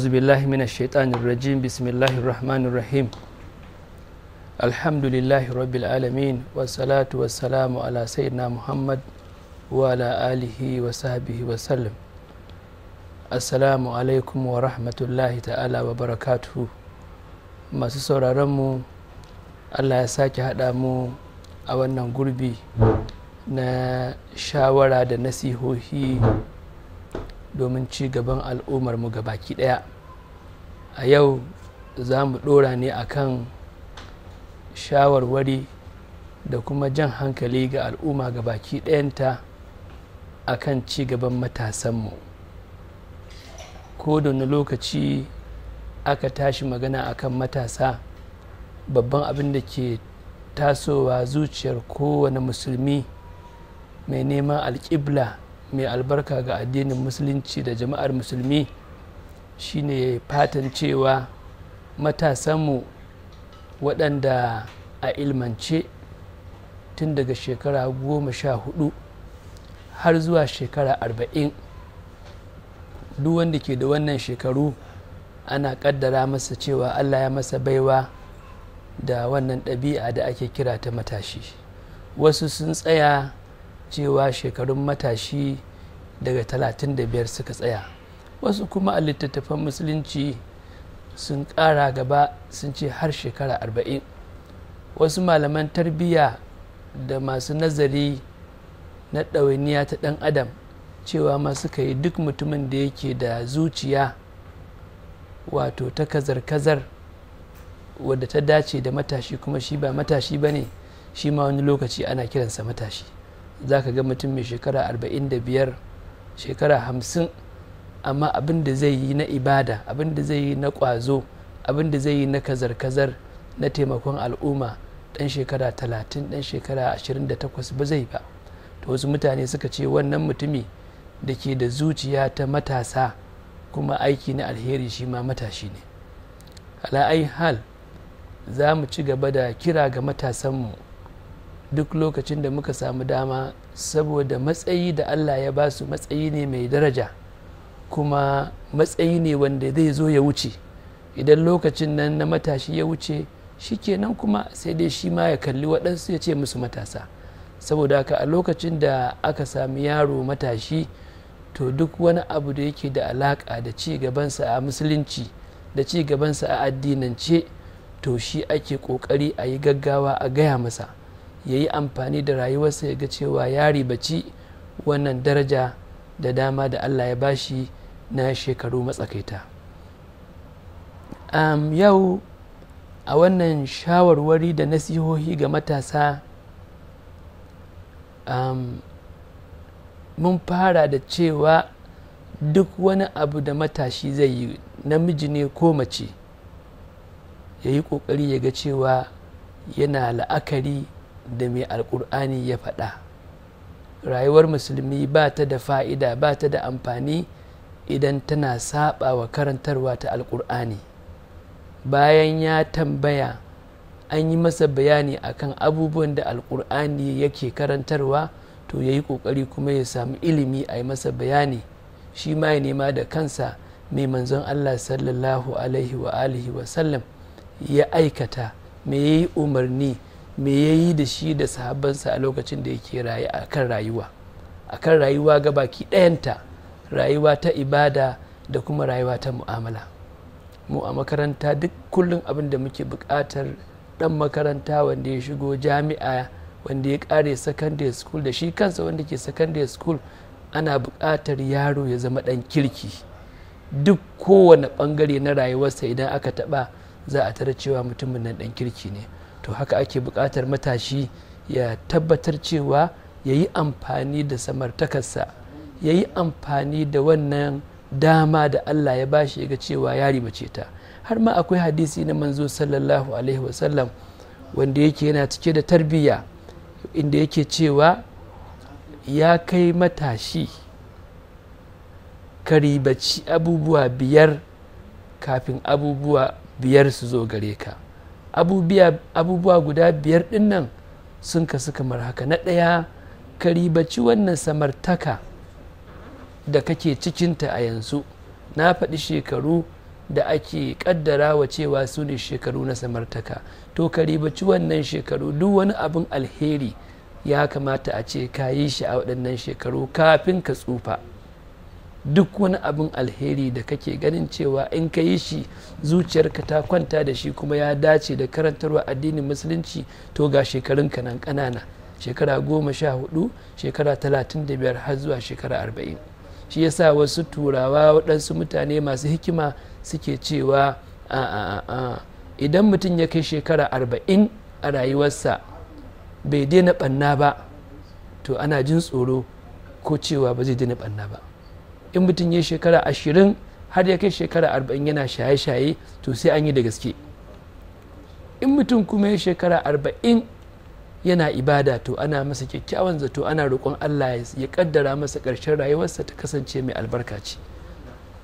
أعوذ بالله من الشيطان الرجيم بسم الله الرحمن الرحيم الحمد لله رب العالمين والصلاة والسلام على سيدنا محمد وعلى آله وصحبه وسلم السلام عليكم ورحمة الله تعالى وبركاته masu sauraronmu allah ya sake haɗa mu a wannan gurbi na shawara da nasihohi domin ci gaban ga baki daya a yau za mu ɗora ne a kan shawarwari da kuma jan hankali ga al'umma ga baki dayanta a kan ci gaban matasanmu ko da lokaci aka tashi magana a kan matasa babban abin da ke tasowa zuciyar kowane musulmi mai neman alƙibla mai albarka ga addinin musulunci da jama'ar musulmi shine fatan cewa matasanmu waɗanda a ilmance tun daga shekara goma sha hudu har zuwa shekara arba'in duk wanda ke da wannan shekaru ana kaddara masa cewa allah ya masa baiwa da wannan ɗabi'a da ake kira ta matashi wasu sun tsaya cewa shekarun matashi daga 35 suka tsaya wasu kuma a littattafan musulunci sun ƙara gaba sun ce har shekara 40 wasu malaman tarbiyya da masu nazari na ɗawainiya ta ɗan adam cewa ma suka yi duk mutumin da yake da zuciya wato ta kazar-kazar wadda ta dace da matashi kuma shi ba matashi ba ne shi ma wani lokaci ana kiransa matashi za ka ga mutum mai shekara 45 shekara 50 amma abin da zai yi na ibada abin da zai yi na ƙwazo abin da zai yi na kazar-kazar na taimakon al'umma ɗan shekara 30 ɗan shekara 28 ba zai ba to wasu mutane suka ce wannan mutumi da ke da zuciya ta matasa kuma aiki na alheri shi ma matashi ne hal za mu ci gaba da kira ga matasanmu duk lokacin da muka samu dama saboda matsayi da Allah ya ba su matsayi ne mai daraja kuma matsayi ne wanda zai zo ya wuce idan lokacin nan na matashi ya wuce shi kenan kuma sai dai shi ma ya kalli waɗansu ya ce musu matasa saboda haka a lokacin da aka sami yaro matashi to duk wani abu da yake da alaƙa da ci gabansa a musulunci da ci gabansa a addinance to shi ake ƙoƙari a yi gaggawa a gaya masa ya yi amfani da rayuwarsa ya ga cewa ya ribaci wannan daraja da dama da allah ya bashi na shekaru matsakaita um, yau a wannan shawarwari da nasihohi ga matasa um, mun fara da cewa duk wani abu da matashi zai yi namiji ne ko mace ya yi ƙoƙari ya ga cewa yana la'akari da mai alkur'ani ya faɗa rayuwar musulmi ba ta da fa'ida ba ta da amfani idan tana saba wa karantarwa ta alkur'ani bayan ya tambaya an yi masa bayani akan abubuwan da alkur'ani yake karantarwa to ya yi ƙoƙari kuma ya samu ilimi a yi masa bayani shi ma ya nema da kansa mai manzon allah sallallahu alaihi wa alihi ya aikata me yi umarni me ya yi da shi da sahabbansa a lokacin da yake raye a kan rayuwa a kan rayuwa ga baki ɗayanta rayuwa ta ibada da kuma rayuwa ta mu'amala mu a makaranta duk kullum abin da muke buƙatar ɗan makaranta wanda ya shigo jami'a wanda ya ƙare secondary school da shi kansa wanda ke secondary school ana buƙatar yaro ya zama ɗan kirki duk kowane ɓangare na rayuwarsa idan aka taɓa za a tara cewa mutumin nan ɗan kirki ne to haka ake buƙatar matashi ya tabbatar cewa ya yi amfani da samartakarsa ya yi amfani da wannan dama da Allah ya bashi ya ga cewa ya ribace ta har ma akwai hadisi na manzo sallallahu alaihi wasallam wanda yake yana cike da tarbiyya inda yake cewa ya kai matashi ka abubuwa biyar kafin abubuwa biyar su zo gare ka abubuwa guda biyar dinnan sun kasu kamar haka na ɗaya ka wannan samartaka da kake cikinta a yanzu na faɗi shekaru da ake ƙaddarawa cewa su ne shekaru na samartaka to ka wannan shekaru duk wani abin alheri ya kamata a ce ka yi shi a waɗannan shekaru kafin ka tsufa duk wani abin alheri da kake ganin cewa in ka yi shi zuciyarka ta kwanta da shi kuma ya dace da karantarwa addinin musulunci to ga shekarunka nan ƙanana shekara goma sha hudu shekara talatin da biyar har zuwa shekara arba'in shi yasa wasu turawa waɗansu mutane masu hikima suke cewa idan mutum ya kai shekara arba'in a rayuwarsa bai daina ɓanna ba to ana jin tsoro ko cewa ba zai daina ɓanna ba in mutum ya shekara ashirin har ya kai shekara arba'in yana shaye-shaye to sai an yi da gaske in mutum kuma ya shekara arba'in yana ibada to ana masa kyakkyawan zato ana roƙon allah ya kaddara masa ƙarshen rayuwarsa ta kasance mai albarka ce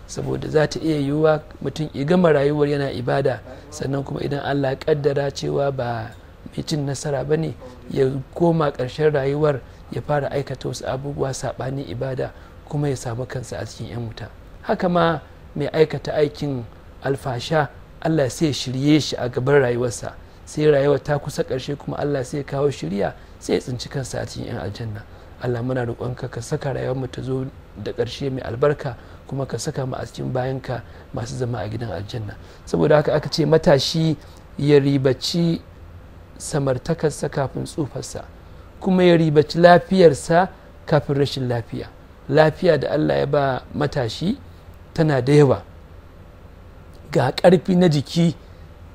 saboda za ta iya yiwuwa mutum ya gama rayuwar yana ibada sannan kuma idan allah ya kaddara cewa ba mai cin nasara ba ne ya koma ƙarshen rayuwar ya fara aikata wasu abubuwa saɓanin ibada kuma ya samu kansa a cikin 'yan wuta haka ma mai aikata aikin alfasha allah sai shirye shi a gaban rayuwarsa sai rayuwa ta kusa karshe kuma allah sai kawo shirya sai ya tsinci kansa a cikin 'yan aljanna allah muna ka ka saka rayuwar mu ta zo da ƙarshe mai albarka kuma ka saka mu a cikin bayanka masu zama a gidan aljanna saboda haka aka ce matashi ya ribaci samartakarsa kafin tsufarsa kuma ya ribaci lafiyarsa kafin rashin lafiya lafiya da allah ya ba matashi tana da yawa ga ƙarfi na jiki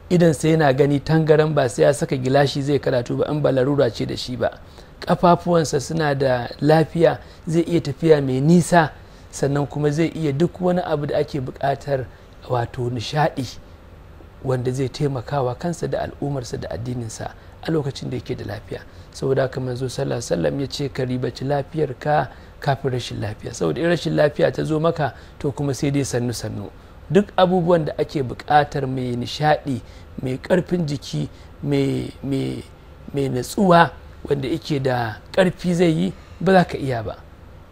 idan sai yana gani tangaran ba sai ya saka gilashi zai karatu ba in ba larura ce da shi ba ƙafafuwansa suna da lafiya zai iya tafiya mai nisa sannan kuma zai iya duk wani abu da ake buƙatar wato nishaɗi wanda zai taimakawa kansa da al'ummarsa da addininsa a lokacin da yake da lafiya saboda haka manzo sallallahu alaihi wasallam ya ce ka ribaci lafiyarka kafin rashin lafiya saboda in rashin lafiya ta zo maka to kuma sai dai sannu sannu duk abubuwan da ake buƙatar mai nishaɗi mai ƙarfin jiki mai natsuwa wanda yake da ƙarfi zai yi ba za ka iya ba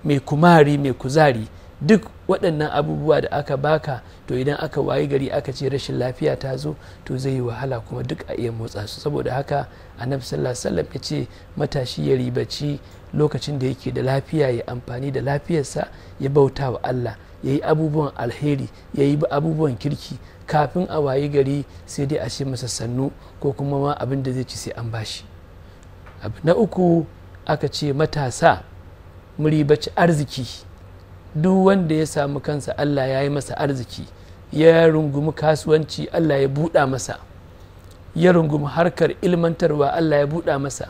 mai kumari mai kuzari duk waɗannan abubuwa da aka baka to idan aka wayi gari aka ce rashin lafiya ta zo to zai yi wahala kuma duk a iya motsa su saboda haka annabi sallallahu alaihi wasallam ya ce matashi ya ribaci lokacin da yake da lafiya ya amfani da lafiyarsa ya bauta wa Allah ya yi abubuwan alheri ya yi abubuwan kirki kafin a wayi gari sai dai a ce masa sannu ko kuma ma abin da zai ci sai an bashi na uku aka ce matasa mu ribaci arziki duk wanda ya samu kansa Allah ya yi masa arziki ya rungumi kasuwanci Allah ya buɗa masa ya rungumi harkar ilmantarwa Allah ya buɗa masa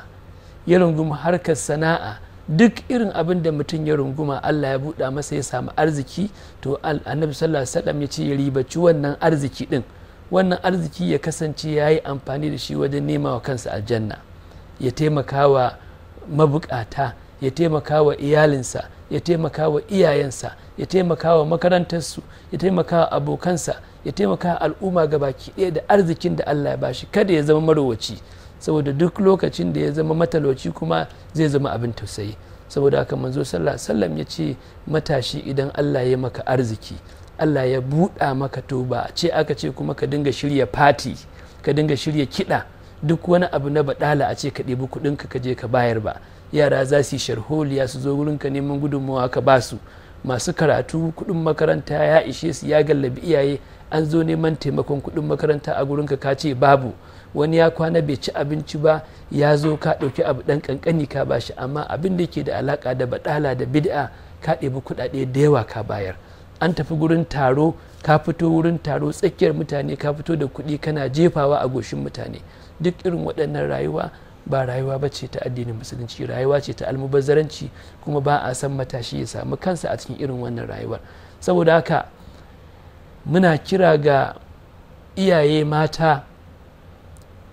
ya rungumi harkar sana'a duk irin abin da mutum ya runguma Allah ya buɗa masa ya samu arziki to annabi sallallahu alaihi wasallam ya ce ya ribaci wannan arziki din wannan arziki ya kasance ya yi amfani da shi wajen nema wa kansa aljanna ya taimaka wa mabukata ya taimaka wa iyalinsa ya taimaka wa iyayensa ya taimaka wa makarantarsu ya taimaka wa abokansa ya taimaka al'umma ga baki ɗaya da arzikin da Allah ya bashi kada ya zama marowaci saboda duk lokacin da ya zama matalauci kuma zai zama abin tausayi saboda haka manzo sallah sallam ya ce matashi idan Allah ya maka arziki Allah ya buɗa maka to ba ce aka ce kuma ka dinga shirya fati ka dinga shirya kiɗa duk wani abu na baɗala a ce ka ɗebi kuɗinka ka je ka bayar ba yara za su yi sharholiya su zo ka neman gudunmawa ka ba su masu karatu kuɗin makaranta ya ishe su ya gallabi iyaye an zo neman taimakon kuɗin makaranta a gurinka ka ce babu wani ya kwana bai ci abinci ba ya zo ka ɗauki abu ɗan ƙanƙani ka bashi amma abin da ke da alaƙa da baɗala da bid'a ka ɗebi kuɗaɗe da yawa ka bayar an tafi gurin taro ka fito wurin taro tsakiyar mutane ka fito da kuɗi kana jefawa a goshin mutane duk irin waɗannan rayuwa ba rayuwa ba ce ta addinin musulunci rayuwa ce ta almubazzaranci kuma ba a san matashi ya samu kansa a cikin irin wannan rayuwar saboda haka muna kira ga iyaye mata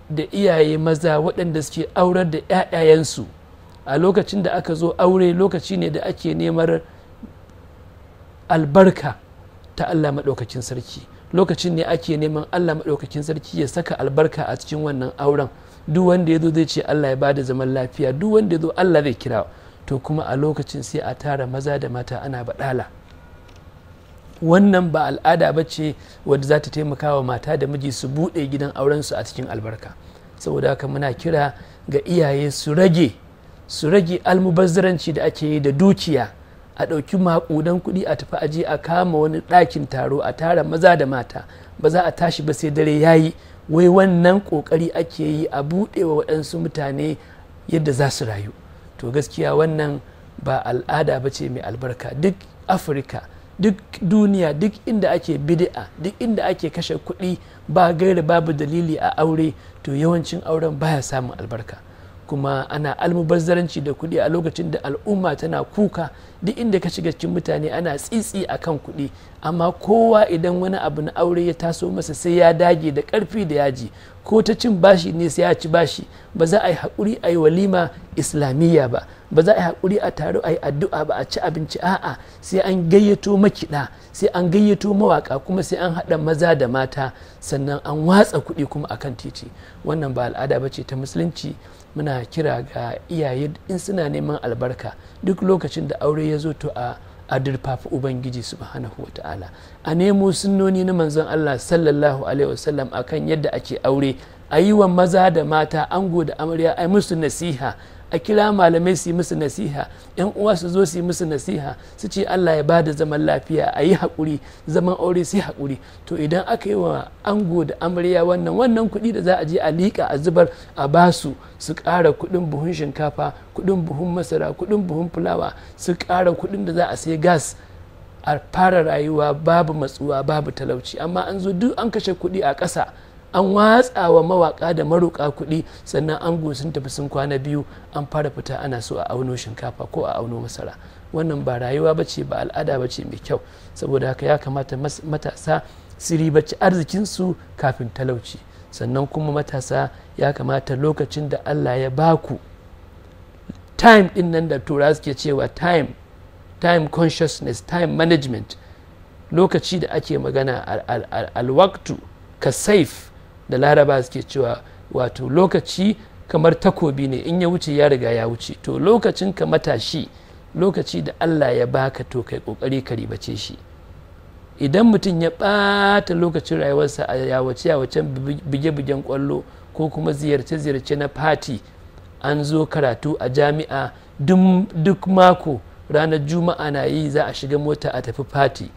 da iyaye maza waɗanda suke aurar da 'ya'yayensu a lokacin da aka zo aure lokaci ne da ake neman albarka ta allah maɗaukakin sarki lokacin ne ake neman allah maɗaukakin sarki ya saka albarka a cikin wannan auren duk wanda ya zo zai ce Allah ya bada zaman lafiya duk wanda ya zo Allah zai kira to kuma a lokacin sai a tara maza da mata ana baɗala wannan ba al'ada ba ce wadda za ta taimaka wa mata da miji su buɗe gidan auren su a cikin albarka saboda haka muna kira ga iyaye su rage su rage almubazzaranci da ake yi da dukiya a ɗauki maƙudan kuɗi a tafi aji a kama wani ɗakin taro a tara maza da mata ba za a tashi ba sai dare yayi wai wannan kokari ake yi a wa waɗansu mutane yadda za su rayu to gaskiya wannan ba al'ada ba ce mai albarka duk afirka duk duniya duk inda ake bidi'a duk inda ake kashe kuɗi ba gaira babu dalili a aure to yawancin auren baya samun albarka kuma ana almubazzaranci da kuɗi a lokacin da al'umma tana kuka duk inda ka shiga cikin mutane ana tsitsi a kan kuɗi amma kowa idan wani abu na aure ya taso masa sai ya dage da ƙarfi da yaji ko ta cin bashi ne sai ya ci bashi ba za a yi haƙuri a yi walima islamiyya ba ba za a yi haƙuri a taro a yi addu'a ba a ci abinci a'a sai an gayyato makiɗa sai an gayyato mawaƙa kuma sai an haɗa maza da mata sannan an watsa kuɗi kuma akan titi wannan ba al'ada ba ce ta musulunci muna kira ga iyaye in suna neman albarka duk lokacin da aure ya zo to a adirfafi ubangiji subhanahu wa ta'ala a nemo sunnoni na manzon Allah sallallahu alaihi wasallam akan yadda ake aure a yi wa maza da mata ango da amarya a musu nasiha a kira malamai su yi musu nasiha yan uwa su zo su yi musu nasiha su ce Allah ya bada zaman lafiya a yi haƙuri zaman aure su yi haƙuri to idan aka yi wa ango da amarya wannan wannan kuɗi da za a je a liƙa a zubar a basu su ƙara kuɗin buhun shinkafa kuɗin buhun masara kuɗin buhun fulawa su ƙara kuɗin da za a sai gas a fara rayuwa babu matsuwa babu talauci amma an zo duk an kashe kuɗi a ƙasa an watsa wa mawaka da maruka kuɗi sannan an sun tafi sun kwana biyu an fara fita ana so a auno shinkafa ko a auno masara wannan ba rayuwa ba ce ba al'ada ba ce mai kyau saboda haka ya kamata matasa su ribaci arzikinsu kafin talauci sannan kuma matasa ya kamata lokacin da allah ya baku time din nan da tura suke cewa time time consciousness time management lokaci da ake magana alwaktu ka safe da laraba suke cewa wato lokaci kamar takobi ne in ya wuce ya riga ya wuce to lokacin ka matashi lokaci da allah ya baka to kai kokari ka ribace shi idan mutum ya ɓata lokacin rayuwarsa a yawace yawacen bige-bigen kwallo ko kuma ziyarce-ziyarce na fati an zo karatu a jami'a duk mako ranar juma'a na yi za a shiga mota a tafi fati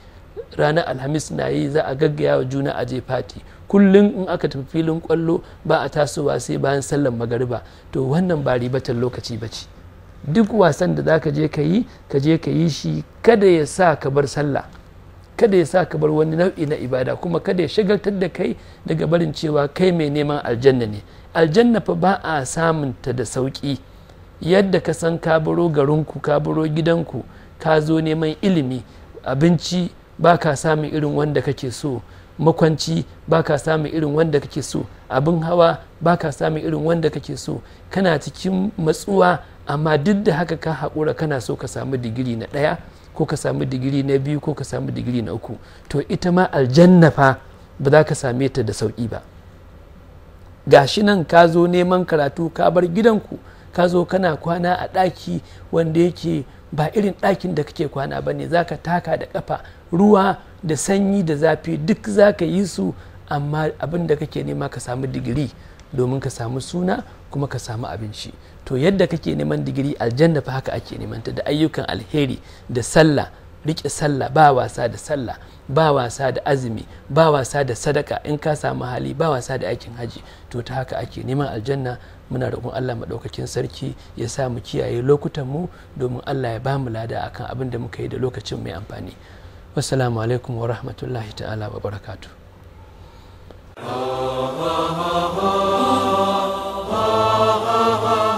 ranar alhamis na yi za a gaggaya wa juna a je fati kullum in aka tafi filin kwallo ba a tasowa sai bayan sallan magariba to wannan ba ribatar lokaci ba ce duk wasan da za ka je ka yi ka je ka yi shi kada ya sa ka bar sallah kada ya sa ka bar wani nau'i na ibada kuma kada ya shagaltar da kai daga barin cewa kai mai neman aljanna ne aljanna fa ba a samun ta da sauki yadda ka san ka baro garinku ka baro gidanku ka zo neman ilimi abinci ba ka samun irin wanda kake so makwanci ba ka samun irin wanda kake so abin hawa ba ka samun irin wanda kake so kana cikin matsuwa amma duk da haka ka haƙura kana so ka samu digiri na ɗaya ko ka samu digiri na biyu ko ka samu digiri na uku to ita ma aljannafa fa ba za ka same ta da sauƙi ba ga shi nan ka zo neman karatu ka bar gidanku ka zo kana kwana a ɗaki wanda yake ba irin ɗakin da kake kwana ba ne za taka da ƙafa ruwa da sanyi da zafi duk za ka yi su amma abin da kake nema ka samu digiri domin ka samu suna kuma ka samu abinci to yadda kake neman digiri aljanna fa haka ake neman ta da ayyukan alheri da sallah riƙe sallah ba wasa da sallah ba wasa da azumi ba wasa da sadaka in ka samu hali ba wasa da aikin haji to ta haka ake neman aljanna muna roƙon Allah maɗaukakin sarki ya sa mu kiyaye lokutan mu domin Allah ya ba mu lada akan abin da muka yi da lokacin mai amfani wassalamu wa rahmatullahi ta'ala wa